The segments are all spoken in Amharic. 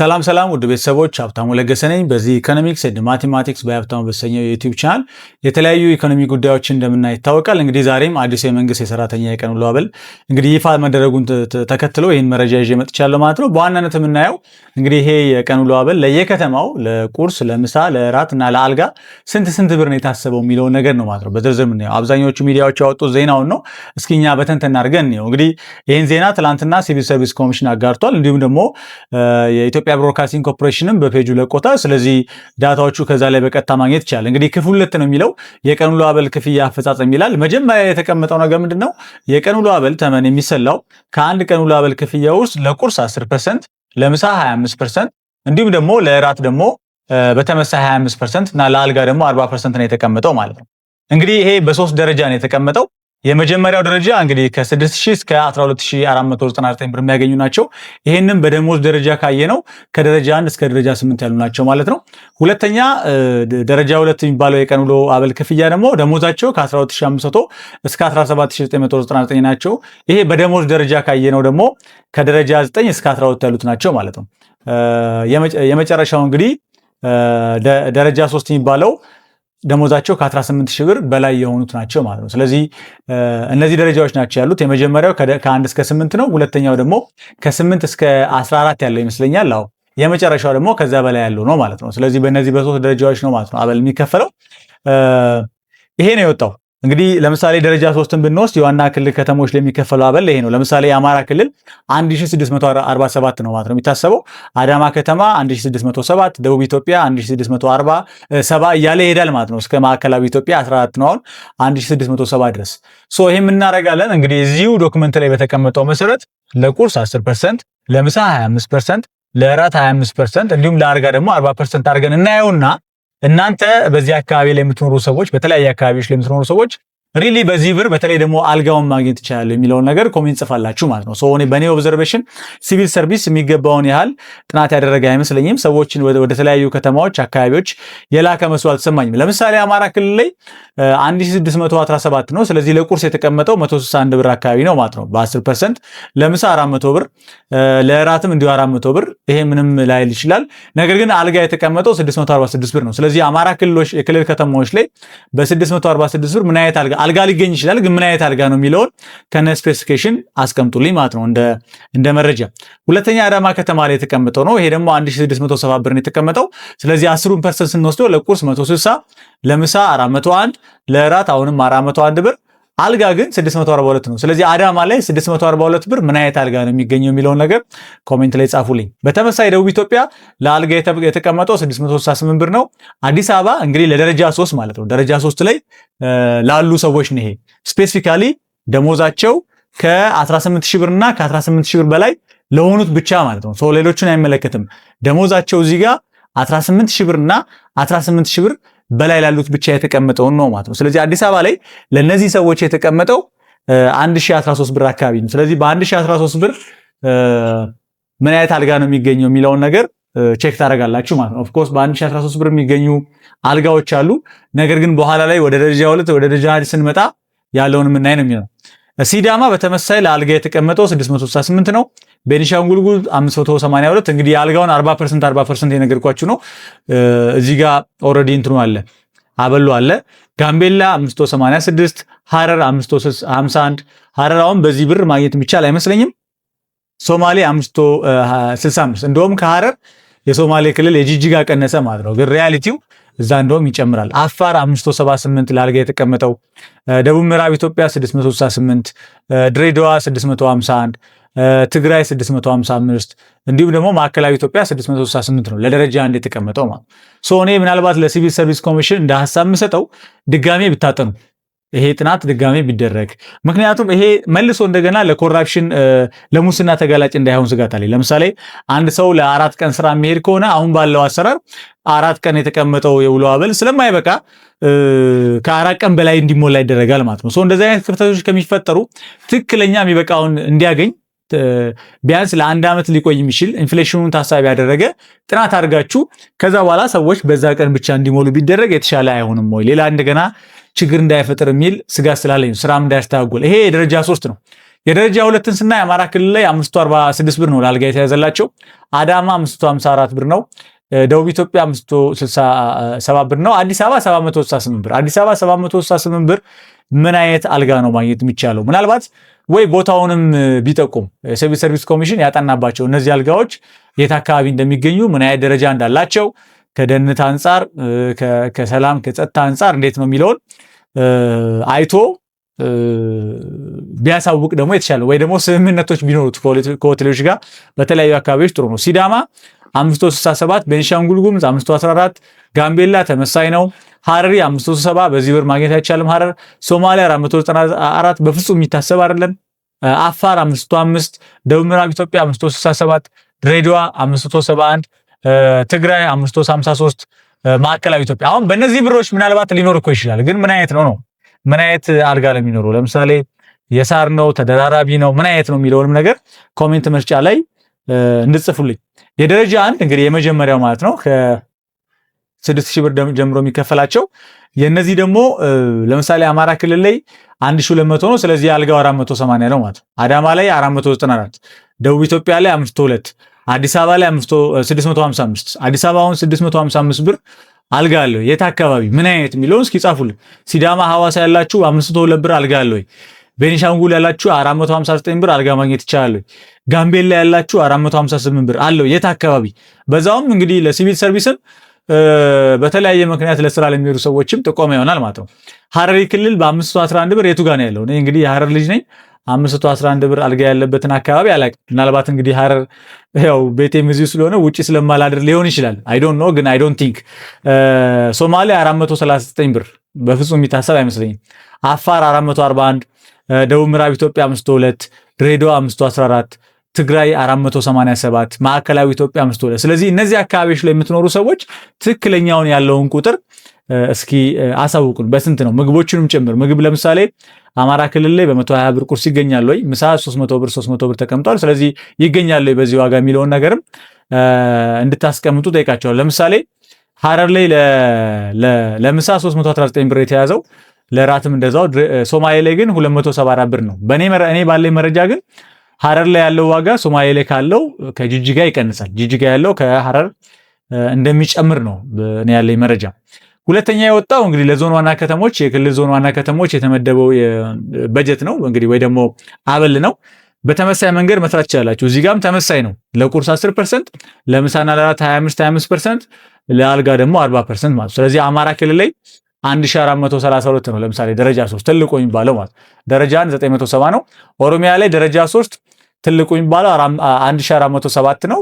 ሰላም ሰላም ውድ ቤተሰቦች ሀብታሙ ለገሰ ነኝ። በዚህ ኢኮኖሚክስ ኤንድ ማቴማቲክስ በሀብታሙ በተሰኘው የዩቲዩብ ቻናል የተለያዩ ኢኮኖሚ ጉዳዮችን እንደምናይ ይታወቃል። እንግዲህ ዛሬም አዲሱ የመንግስት የሰራተኛ የቀን ውሎ አበል እንግዲህ ይፋ መደረጉን ተከትሎ ይህን መረጃ ይዤ መጥቻለሁ ማለት ነው። በዋናነት የምናየው እንግዲህ ይሄ የቀን ውሎ አበል ለየከተማው ለቁርስ፣ ለምሳ፣ ለእራት እና ለአልጋ ስንት ስንት ብር ነው የታሰበው የሚለውን ነገር ነው ማለት ነው። በዝርዝር የምናየው አብዛኞቹ ሚዲያዎች ያወጡት ዜናውን ነው። እስኪ እኛ በተንተና አድርገን እንግዲህ ይህን ዜና ትናንትና ሲቪል ሰርቪስ ኮሚሽን አጋርቷል። እንዲሁም ደግሞ የኢትዮጵያ የኢትዮጵያ ብሮድካስቲንግ ኮርፖሬሽንም በፔጁ ለቆታ። ስለዚህ ዳታዎቹ ከዛ ላይ በቀጥታ ማግኘት ይቻላል። እንግዲህ ክፍል ሁለት ነው የሚለው የቀን ውሎ አበል ክፍያ አፈጻጸም ይላል። መጀመሪያ የተቀመጠው ነገር ምንድን ነው? የቀን ውሎ አበል ተመን የሚሰላው ከአንድ ቀን ውሎ አበል ክፍያ ውስጥ ለቁርስ 10 ፐርሰንት፣ ለምሳ 25 ፐርሰንት እንዲሁም ደግሞ ለእራት ደግሞ በተመሳይ 25 ፐርሰንት እና ለአልጋ ደግሞ 40 ፐርሰንት ነው የተቀመጠው ማለት ነው። እንግዲህ ይሄ በሶስት ደረጃ ነው የተቀመጠው። የመጀመሪያው ደረጃ እንግዲህ ከ6000 እስከ 12499 ብር የሚያገኙ ናቸው። ይህንም በደሞዝ ደረጃ ካየ ነው ከደረጃ 1 እስከ ደረጃ 8 ያሉ ናቸው ማለት ነው። ሁለተኛ ደረጃ ሁለት የሚባለው የቀን ውሎ አበል ክፍያ ደግሞ ደሞዛቸው ከ12500 እስከ 17999 ናቸው። ይሄ በደሞዝ ደረጃ ካየ ነው ደግሞ ከደረጃ 9 እስከ 12 ያሉት ናቸው ማለት ነው። የመጨረሻው እንግዲህ ደረጃ 3 የሚባለው ደሞዛቸው ከ18 ሺህ ብር በላይ የሆኑት ናቸው ማለት ነው። ስለዚህ እነዚህ ደረጃዎች ናቸው ያሉት። የመጀመሪያው ከአንድ እስከ ስምንት ነው። ሁለተኛው ደግሞ ከስምንት እስከ 14 ያለው ይመስለኛል። አዎ የመጨረሻው ደግሞ ከዛ በላይ ያለው ነው ማለት ነው። ስለዚህ በእነዚህ በሶስት ደረጃዎች ነው ማለት ነው አበል የሚከፈለው። ይሄ ነው የወጣው እንግዲህ ለምሳሌ ደረጃ ሶስትን ብንወስድ የዋና ክልል ከተሞች ለሚከፈለው አበል ይሄ ነው። ለምሳሌ የአማራ ክልል 1647 ነው ማለት ነው የሚታሰበው። አዳማ ከተማ 1607፣ ደቡብ ኢትዮጵያ 1647 እያለ ይሄዳል ማለት ነው እስከ ማዕከላዊ ኢትዮጵያ 14 ነው አሁን 1670 ድረስ። ሶ ይህም እናደርጋለን እንግዲህ እዚሁ ዶክመንት ላይ በተቀመጠው መሰረት ለቁርስ 10 ፐርሰንት፣ ለምሳ 25 ፐርሰንት፣ ለእራት 25 ፐርሰንት እንዲሁም ለአርጋ ደግሞ 40 ፐርሰንት አድርገን እናየውና እናንተ በዚህ አካባቢ ላይ የምትኖሩ ሰዎች፣ በተለያየ አካባቢዎች ላይ የምትኖሩ ሰዎች ሪሊ በዚህ ብር በተለይ ደግሞ አልጋውን ማግኘት ይቻላል የሚለውን ነገር ኮሜንት ጽፋላችሁ ማለት ነው። እኔ በእኔ ኦብዘርቬሽን ሲቪል ሰርቪስ የሚገባውን ያህል ጥናት ያደረገ አይመስለኝም። ሰዎችን ወደ ተለያዩ ከተማዎች፣ አካባቢዎች የላከ መስሎ አልተሰማኝም። ለምሳሌ አማራ ክልል ላይ 1617 ነው። ስለዚህ ለቁርስ የተቀመጠው 161 ብር አካባቢ ነው ማለት ነው በ10 ፐርሰንት፣ ለምሳ 400 ብር፣ ለእራትም እንዲሁ 400 ብር። ይሄ ምንም ላይል ይችላል። ነገር ግን አልጋ የተቀመጠው 646 ብር ነው። ስለዚህ አማራ ክልል ከተማዎች ላይ በ646 ብር ምን አይነት አልጋ አልጋ ሊገኝ ይችላል፣ ግን ምን አይነት አልጋ ነው የሚለውን ከነ ስፔሲፊኬሽን አስቀምጡልኝ ማለት ነው እንደ መረጃ። ሁለተኛ አዳማ ከተማ ላይ የተቀመጠው ነው። ይሄ ደግሞ 1670 ብር ነው የተቀመጠው። ስለዚህ አስሩን ፐርሰንት ስንወስደው ለቁርስ 160፣ ለምሳ 401፣ ለእራት አሁንም 401 ብር አልጋ ግን 642 ነው። ስለዚህ አዳማ ላይ 642 ብር ምን አይነት አልጋ ነው የሚገኘው የሚለውን ነገር ኮሜንት ላይ ጻፉልኝ። በተመሳሳይ ደቡብ ኢትዮጵያ ለአልጋ የተቀመጠው 668 ብር ነው። አዲስ አበባ እንግዲህ ለደረጃ 3 ማለት ነው። ደረጃ 3 ላይ ላሉ ሰዎች ነው ይሄ ስፔሲፊካሊ ደሞዛቸው ከ18000 ብር እና ከ18000 ብር በላይ ለሆኑት ብቻ ማለት ነው። ሰው ሌሎቹን አይመለከትም። ደሞዛቸው እዚህ ጋር 18000 ብር እና 18000 ብር በላይ ላሉት ብቻ የተቀመጠውን ነው ማለት ነው። ስለዚህ አዲስ አበባ ላይ ለእነዚህ ሰዎች የተቀመጠው 1013 ብር አካባቢ ነው። ስለዚህ በ1013 ብር ምን አይነት አልጋ ነው የሚገኘው የሚለውን ነገር ቼክ ታደርጋላችሁ ማለት ነው። ኦፍኮርስ በ1013 ብር የሚገኙ አልጋዎች አሉ። ነገር ግን በኋላ ላይ ወደ ደረጃ ሁለት ወደ ደረጃ ስንመጣ ያለውን የምናይ ነው የሚለው ሲዳማ በተመሳሳይ ለአልጋ የተቀመጠው 668 ነው። ቤኒሻንጉል ጉሙዝ 582 እንግዲህ የአልጋውን 40 ፐርሰንት 40 ፐርሰንት የነገርኳችሁ ነው። እዚህ ጋር ኦልሬዲ እንትኑ አለ አበሉ አለ። ጋምቤላ 586፣ ሐረር 551። ሐረር አሁን በዚህ ብር ማግኘት የሚቻል አይመስለኝም። ሶማሌ 565 እንደውም ከሐረር የሶማሌ ክልል የጂጂጋ ቀነሰ ማለት ነው። ግን ሪያሊቲው እዛ እንደውም ይጨምራል። አፋር 578 ለአልጋ የተቀመጠው፣ ደቡብ ምዕራብ ኢትዮጵያ 668፣ ድሬዳዋ 651 ትግራይ 655 እንዲሁም ደግሞ ማዕከላዊ ኢትዮጵያ 668 ነው ለደረጃ አንድ የተቀመጠው ማለት እኔ ምናልባት ለሲቪል ሰርቪስ ኮሚሽን እንደ ሀሳብ የምሰጠው ድጋሜ ብታጠኑ ይሄ ጥናት ድጋሜ ቢደረግ ምክንያቱም ይሄ መልሶ እንደገና ለኮራፕሽን ለሙስና ተጋላጭ እንዳይሆን ስጋት አለ። ለምሳሌ አንድ ሰው ለአራት ቀን ስራ የሚሄድ ከሆነ አሁን ባለው አሰራር አራት ቀን የተቀመጠው የውሎ አበል ስለማይበቃ ከአራት ቀን በላይ እንዲሞላ ይደረጋል ማለት ነው። እንደዚህ አይነት ክፍተቶች ከሚፈጠሩ ትክክለኛ የሚበቃውን እንዲያገኝ ቢያንስ ለአንድ ዓመት ሊቆይ የሚችል ኢንፍሌሽኑን ታሳቢ ያደረገ ጥናት አድርጋችሁ ከዛ በኋላ ሰዎች በዛ ቀን ብቻ እንዲሞሉ ቢደረግ የተሻለ አይሆንም ወይ? ሌላ እንደገና ችግር እንዳይፈጥር የሚል ስጋት ስላለኝ ስራም እንዳያስተጓጎል። ይሄ የደረጃ ሶስት ነው። የደረጃ ሁለትን ስና የአማራ ክልል ላይ 546 ብር ነው ለአልጋ የተያዘላቸው። አዳማ 554 ብር ነው። ደቡብ ኢትዮጵያ 567 ብር ነው። አዲስ አበባ 768 ብር። አዲስ አበባ 768 ብር ምን አይነት አልጋ ነው ማግኘት የሚቻለው? ምናልባት ወይ ቦታውንም ቢጠቁም ሲቪል ሰርቪስ ኮሚሽን ያጠናባቸው እነዚህ አልጋዎች የት አካባቢ እንደሚገኙ ምን አይነት ደረጃ እንዳላቸው ከደህንነት አንጻር፣ ከሰላም ከጸጥታ አንጻር እንዴት ነው የሚለውን አይቶ ቢያሳውቅ ደግሞ የተሻለ ወይ ደግሞ ስምምነቶች ቢኖሩት ከሆቴሎች ጋር በተለያዩ አካባቢዎች ጥሩ ነው። ሲዳማ 567 ቤንሻንጉል ጉምዝ 514 ጋምቤላ ተመሳይ ነው። ሐረሪ 570 በዚህ ብር ማግኘት አይቻልም። ሐረር ሶማሊያ 494 በፍጹም የሚታሰብ አይደለም። አፋር 505 ደቡብ ምዕራብ ኢትዮጵያ 567 ድሬዳዋ 571 ትግራይ 553 ማዕከላዊ ኢትዮጵያ። አሁን በእነዚህ ብሮች ምናልባት ሊኖር እኮ ይችላል፣ ግን ምን አይነት ነው ነው ምን አይነት አልጋ ለሚኖሩ ለምሳሌ የሳር ነው ተደራራቢ ነው ምን አይነት ነው የሚለውንም ነገር ኮሜንት መስጫ ላይ እንድጽፉልኝ የደረጃ አንድ እንግዲህ የመጀመሪያው ማለት ነው ከስድስት ሺህ ብር ጀምሮ የሚከፈላቸው የእነዚህ ደግሞ ለምሳሌ አማራ ክልል ላይ አንድ ሺህ ሁለት መቶ ነው። ስለዚህ የአልጋው አራት መቶ ሰማንያ ነው ማለት ነው። አዳማ ላይ አራት መቶ ዘጠና አራት ደቡብ ኢትዮጵያ ላይ አምስት ሁለት አዲስ አበባ ላይ ስድስት መቶ ሀምሳ አምስት አዲስ አበባ አሁን ስድስት መቶ ሀምሳ አምስት ብር አልጋ አለ። የት አካባቢ ምን አይነት የሚለውን እስኪ ጻፉልን። ሲዳማ ሐዋሳ ያላችሁ አምስት መቶ ሁለት ብር አልጋ አለ ወይ? ቤኒሻንጉል ያላችሁ 459 ብር አልጋ ማግኘት ይቻላል። ጋምቤላ ያላችሁ 458 ብር አለው የት አካባቢ። በዛውም እንግዲህ ለሲቪል ሰርቪስም በተለያየ ምክንያት ለስራ ለሚሄዱ ሰዎችም ጥቆማ ይሆናል ማለት ነው። ሀረሪ ክልል በ511 ብር የቱ ጋ ነው ያለው? እኔ እንግዲህ የሀረር ልጅ ነኝ። 511 ብር አልጋ ያለበትን አካባቢ አላውቅም። ምናልባት እንግዲህ ሀረር ያው ቤቴ ምዚ ስለሆነ ውጭ ስለማላድር ሊሆን ይችላል። ዶንት ኖ ግን ዶንት ቲንክ። ሶማሌ 439 ብር በፍጹም የሚታሰብ አይመስለኝም። አፋር 441 ደቡብ ምዕራብ ኢትዮጵያ 52 ድሬዳዋ 514 ትግራይ 487 ማዕከላዊ ኢትዮጵያ 52 ስለዚህ እነዚህ አካባቢዎች ላይ የምትኖሩ ሰዎች ትክክለኛውን ያለውን ቁጥር እስኪ አሳውቁን። በስንት ነው ምግቦችንም ጭምር ምግብ ለምሳሌ አማራ ክልል ላይ በ120 ብር ቁርስ ይገኛል ወይ? ምሳ 300 ብር 300 ብር ተቀምጧል። ስለዚህ ይገኛል ወይ በዚህ ዋጋ የሚለውን ነገርም እንድታስቀምጡ ጠይቃቸዋል። ለምሳሌ ሀረር ላይ ለምሳ 319 ብር የተያዘው ለራትም እንደዛው። ሶማሌ ላይ ግን 274 ብር ነው። በእኔ እኔ ባለኝ መረጃ ግን ሀረር ላይ ያለው ዋጋ ሶማሌ ላይ ካለው ከጅጅጋ ይቀንሳል። ጅጅጋ ያለው ከሀረር እንደሚጨምር ነው እኔ ያለኝ መረጃ። ሁለተኛ የወጣው እንግዲህ ለዞን ዋና ከተሞች የክልል ዞን ዋና ከተሞች የተመደበው በጀት ነው እንግዲህ ወይ ደግሞ አበል ነው። በተመሳይ መንገድ መስራት ይችላላችሁ። እዚህ ጋም ተመሳይ ነው። ለቁርስ 10 ፐርሰንት፣ ለምሳና ለራት 25 25 ፐርሰንት፣ ለአልጋ ደግሞ 40 ፐርሰንት ማለት። ስለዚህ አማራ ክልል ላይ 1432 ነው። ለምሳሌ ደረጃ 3 ትልቁ የሚባለው ማለት ደረጃ 970 ነው። ኦሮሚያ ላይ ደረጃ 3 ትልቁ የሚባለው 1407 ነው።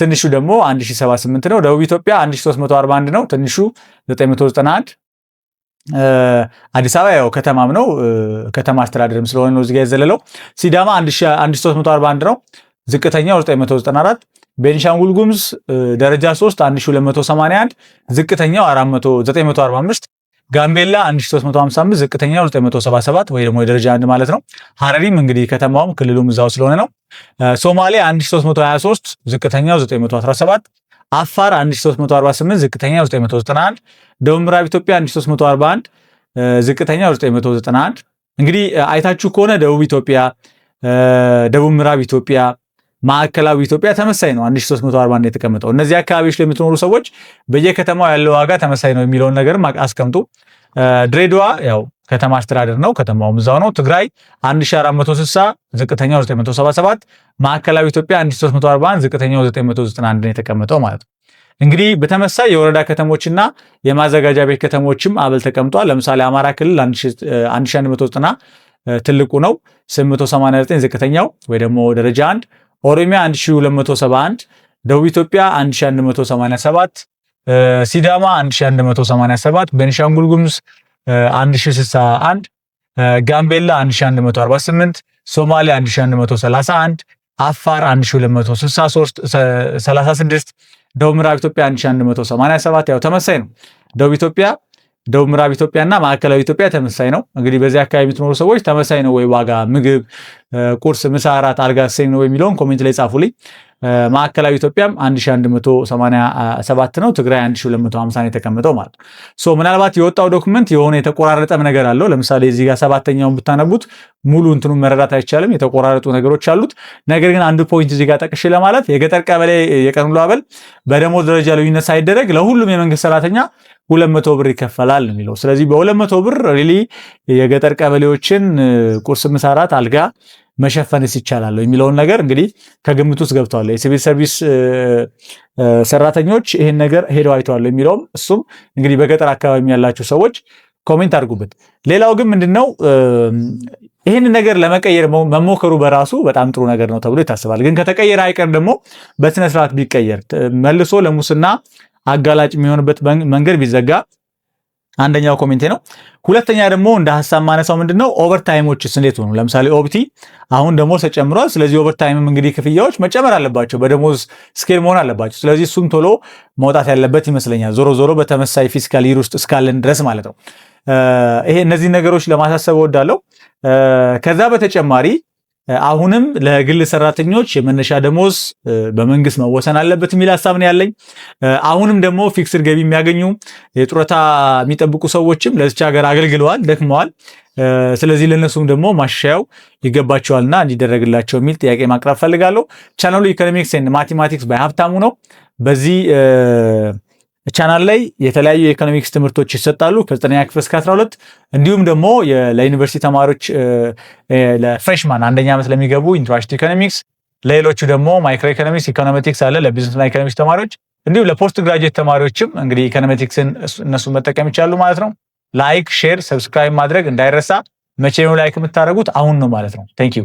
ትንሹ ደግሞ 1078 ነው። ደቡብ ኢትዮጵያ 1341 ነው። ትንሹ 991 አዲስ አበባ ያው ከተማም ነው ከተማ አስተዳደርም ስለሆነ ነው እዚጋ የዘለለው። ሲዳማ 1341 ነው። ዝቅተኛው 994 ቤንሻንጉል ጉሙዝ ደረጃ 3 1281 ዝቅተኛው 945 ጋምቤላ 1355 ዝቅተኛው 977 ወይ ደግሞ የደረጃ አንድ ማለት ነው። ሀረሪም እንግዲህ ከተማውም ክልሉም እዛው ስለሆነ ነው። ሶማሌ 1323 ዝቅተኛው 917፣ አፋር 1348 ዝቅተኛው 991፣ ደቡብ ምዕራብ ኢትዮጵያ 1341 ዝቅተኛው 991። እንግዲህ አይታችሁ ከሆነ ደቡብ ኢትዮጵያ፣ ደቡብ ምዕራብ ኢትዮጵያ ማዕከላዊ ኢትዮጵያ ተመሳይ ነው 1340 ነው የተቀመጠው። እነዚህ አካባቢዎች ላይ የምትኖሩ ሰዎች በየከተማው ያለው ዋጋ ተመሳይ ነው የሚለውን ነገር አስቀምጡ። ድሬዳዋ ያው ከተማ አስተዳደር ነው፣ ከተማውም እዛው ነው። ትግራይ 1460 ዝቅተኛው 977፣ ማዕከላዊ ኢትዮጵያ 1340 ዝቅተኛው 991 ነው የተቀመጠው ማለት ነው። እንግዲህ በተመሳይ የወረዳ ከተሞችና የማዘጋጃ ቤት ከተሞችም አበል ተቀምጧል። ለምሳሌ አማራ ክልል 1190 ትልቁ ነው፣ 889 ዝቅተኛው ወይ ደግሞ ደረጃ 1 ኦሮሚያ 1271 ደቡብ ኢትዮጵያ 1187 ሲዳማ 1187 ቤኒሻንጉል ጉምዝ 1061 ጋምቤላ 1148 ሶማሊያ 1131 አፋር 36 ደቡብ ምዕራብ ኢትዮጵያ 1187 ያው ተመሳይ ነው። ደቡብ ኢትዮጵያ ደቡብ ምዕራብ ኢትዮጵያና ማዕከላዊ ኢትዮጵያ ተመሳሳይ ነው። እንግዲህ በዚህ አካባቢ የምትኖሩ ሰዎች ተመሳሳይ ነው ወይ ዋጋ፣ ምግብ፣ ቁርስ፣ ምሳ፣ እራት፣ አልጋ ሴም ነው የሚለውን ኮሜንት ላይ ጻፉልኝ። ማዕከላዊ ኢትዮጵያም 1187 ነው፣ ትግራይ 1250 የተቀመጠው ማለት ነው። ምናልባት የወጣው ዶክመንት የሆነ የተቆራረጠም ነገር አለው። ለምሳሌ እዚህ ጋር ሰባተኛውን ብታነቡት ሙሉ እንትኑ መረዳት አይቻልም፣ የተቆራረጡ ነገሮች አሉት። ነገር ግን አንድ ፖይንት እዚህ ጋር ጠቅሽ ለማለት የገጠር ቀበሌ የቀን ውሎ አበል በደሞዝ ደረጃ ልዩነት ሳይደረግ ለሁሉም የመንግስት ሰራተኛ ሁለት መቶ ብር ይከፈላል ነው የሚለው። ስለዚህ በሁለት መቶ ብር ሪሊ የገጠር ቀበሌዎችን ቁርስ፣ ምሳ፣ አልጋ መሸፈንስ ይቻላል የሚለውን ነገር እንግዲህ ከግምት ውስጥ ገብተዋል። የሲቪል ሰርቪስ ሰራተኞች ይህን ነገር ሄደው አይተዋል የሚለውም እሱም እንግዲህ በገጠር አካባቢ ያላቸው ሰዎች ኮሜንት አድርጉበት። ሌላው ግን ምንድነው ይህን ነገር ለመቀየር መሞከሩ በራሱ በጣም ጥሩ ነገር ነው ተብሎ ይታሰባል። ግን ከተቀየረ አይቀር ደግሞ በስነስርዓት ቢቀየር መልሶ ለሙስና አጋላጭ የሚሆንበት መንገድ ቢዘጋ አንደኛው ኮሜንቴ ነው። ሁለተኛ ደግሞ እንደ ሀሳብ ማነሳው ምንድን ነው ኦቨርታይሞችስ እንዴት ሆኑ? ለምሳሌ ኦብቲ አሁን ደሞዝ ተጨምሯል። ስለዚህ ኦቨርታይምም እንግዲህ ክፍያዎች መጨመር አለባቸው፣ በደሞዝ ስኬል መሆን አለባቸው። ስለዚህ እሱም ቶሎ መውጣት ያለበት ይመስለኛል። ዞሮ ዞሮ በተመሳይ ፊስካል ይር ውስጥ እስካለን ድረስ ማለት ነው። ይሄ እነዚህ ነገሮች ለማሳሰብ እወዳለሁ። ከዛ በተጨማሪ አሁንም ለግል ሰራተኞች የመነሻ ደሞዝ በመንግስት መወሰን አለበት የሚል ሀሳብ ነው ያለኝ። አሁንም ደግሞ ፊክስድ ገቢ የሚያገኙ የጡረታ የሚጠብቁ ሰዎችም ለዚች ሀገር አገልግለዋል፣ ደክመዋል። ስለዚህ ለእነሱም ደግሞ ማሻሻያው ይገባቸዋልና እንዲደረግላቸው የሚል ጥያቄ ማቅረብ ፈልጋለሁ። ቻናሉ ኢኮኖሚክስ ኤንድ ማቴማቲክስ ባይ ሀብታሙ ነው። በዚህ ቻናል ላይ የተለያዩ የኢኮኖሚክስ ትምህርቶች ይሰጣሉ ከዘጠነኛ ክፍል እስከ 12 እንዲሁም ደግሞ ለዩኒቨርሲቲ ተማሪዎች ለፍሬሽማን አንደኛ ዓመት ለሚገቡ ኢንትራሽት ኢኮኖሚክስ፣ ለሌሎቹ ደግሞ ማይክሮ ኢኮኖሚክስ ኢኮኖሜቲክስ አለ ና ኢኮኖሚክስ ተማሪዎች፣ እንዲሁም ለፖስት ግራጅዌት ተማሪዎችም እንግዲህ ኢኮኖሜቲክስን እነሱ መጠቀም ይቻሉ ማለት ነው። ላይክ፣ ሼር፣ ሰብስክራይብ ማድረግ እንዳይረሳ። መቼ ነው ላይክ የምታደርጉት? አሁን ነው ማለት ነው። ቴንክ ዩ